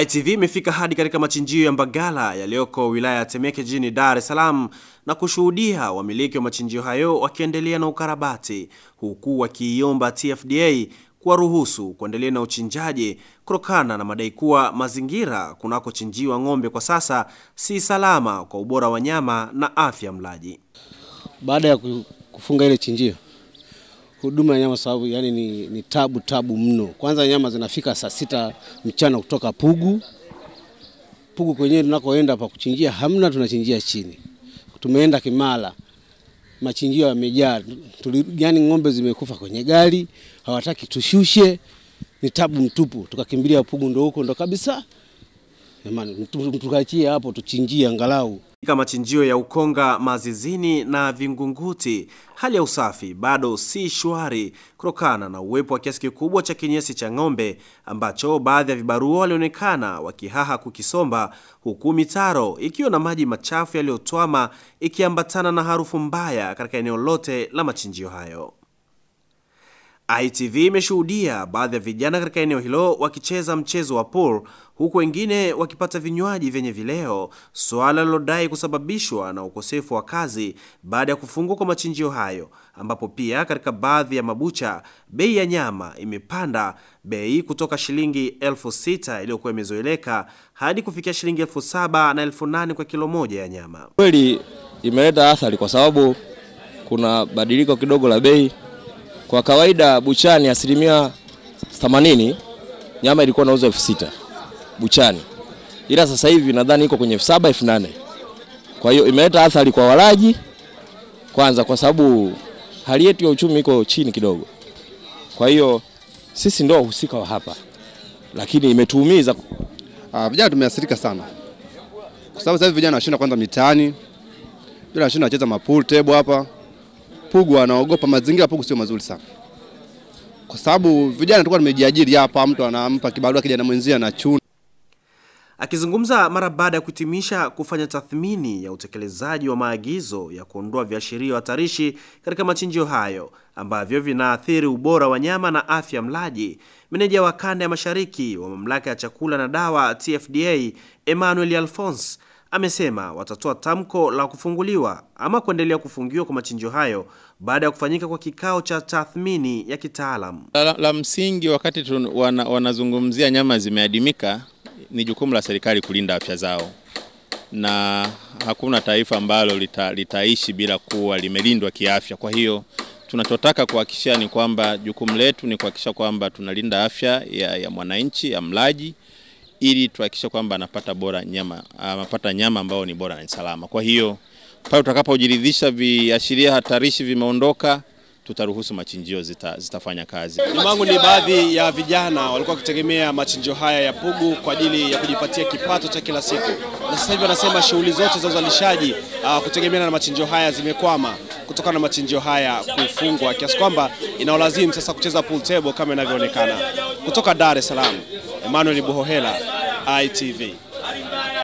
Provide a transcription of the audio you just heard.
ITV imefika hadi katika machinjio ya Mbagala yaliyoko wilaya ya Temeke jijini Dar es Salaam na kushuhudia wamiliki wa machinjio hayo wakiendelea na ukarabati huku wakiiomba TFDA kuwaruhusu kuendelea na uchinjaji kutokana na madai kuwa mazingira kunakochinjiwa ng'ombe kwa sasa si salama kwa ubora wa nyama na afya mlaji. Baada ya kufunga ile chinjio huduma ya nyama sababu yani ni, ni tabu tabu mno. Kwanza nyama zinafika saa sita mchana kutoka Pugu. Pugu kwenyewe tunakoenda pa kuchinjia hamna, tunachinjia chini. Tumeenda Kimara, machinjio yamejaa, yani ng'ombe zimekufa kwenye gari, hawataki tushushe, ni tabu mtupu. Tukakimbilia Pugu, ndo huko ndo kabisa Jamani, tukachie hapo tuchinjie angalau. Katika machinjio ya Ukonga, Mazizini na Vingunguti, hali ya usafi bado si shwari kutokana na uwepo wa kiasi kikubwa cha kinyesi cha ng'ombe ambacho baadhi ya vibarua walionekana wakihaha kukisomba, huku mitaro ikiwa na maji machafu yaliyotwama ikiambatana na harufu mbaya katika eneo lote la machinjio hayo. ITV imeshuhudia baadhi ya vijana katika eneo hilo wakicheza mchezo wa pool huku wengine wakipata vinywaji vyenye vileo, suala lilodai kusababishwa na ukosefu wa kazi baada ya kufungwa kwa machinjio hayo, ambapo pia katika baadhi ya mabucha bei ya nyama imepanda bei kutoka shilingi elfu sita iliyokuwa imezoeleka hadi kufikia shilingi elfu saba na elfu nane kwa kilo moja ya nyama. Kweli imeleta athari kwa sababu kuna badiliko kidogo la bei kwa kawaida buchani asilimia 80 nyama ilikuwa inauzwa elfu sita buchani, ila sasa hivi nadhani iko kwenye elfu saba elfu nane Kwa hiyo imeleta athari kwa walaji kwanza, kwa sababu hali yetu ya uchumi iko chini kidogo. Kwa hiyo sisi ndio wahusika wa hapa, lakini imetuumiza. Ah, vijana tumeathirika sana, kwa sababu sasa hivi vijana wanashinda kwanza mitaani, vijana wanashinda wacheza mapool table hapa Pugu anaogopa mazingira. Pugu sio mazuri sana, kwa sababu vijana tulikuwa tumejiajiri hapa, mtu anampa kibarua kijana mwenzia na chuna. Akizungumza mara baada ya kuhitimisha kufanya tathmini ya utekelezaji wa maagizo ya kuondoa viashiria hatarishi katika machinjio hayo ambavyo vinaathiri ubora wa nyama na afya mlaji, meneja wa kanda ya mashariki wa mamlaka ya chakula na dawa TFDA Emmanuel Alphonse amesema watatoa tamko la kufunguliwa ama kuendelea kufungiwa kwa machinjo hayo baada ya kufanyika kwa kikao cha tathmini ya kitaalamu. La, la msingi wakati wana, wanazungumzia nyama zimeadimika, ni jukumu la serikali kulinda afya zao, na hakuna taifa ambalo lita, litaishi bila kuwa limelindwa kiafya. Kwa hiyo tunachotaka kuhakikisha ni kwamba jukumu letu ni kuhakikisha kwamba tunalinda afya ya, ya mwananchi ya mlaji ili tuhakikishe kwamba anapata bora nyama anapata nyama ambayo ni bora na salama. Kwa hiyo pale tutakapojiridhisha viashiria hatarishi vimeondoka, tutaruhusu machinjio zita, zitafanya kazi. Nyumangu ni baadhi ya vijana walikuwa wakitegemea machinjio haya ya Pugu kwa ajili ya kujipatia kipato cha kila siku, na sasa hivi wanasema shughuli zote za uzalishaji uh, kutegemeana na machinjio haya zimekwama kutokana na machinjio haya kufungwa, kiasi kwamba inaolazimu sasa kucheza pool table kama inavyoonekana. Kutoka Dar es Salaam. Emmanuel Buhohela, ITV.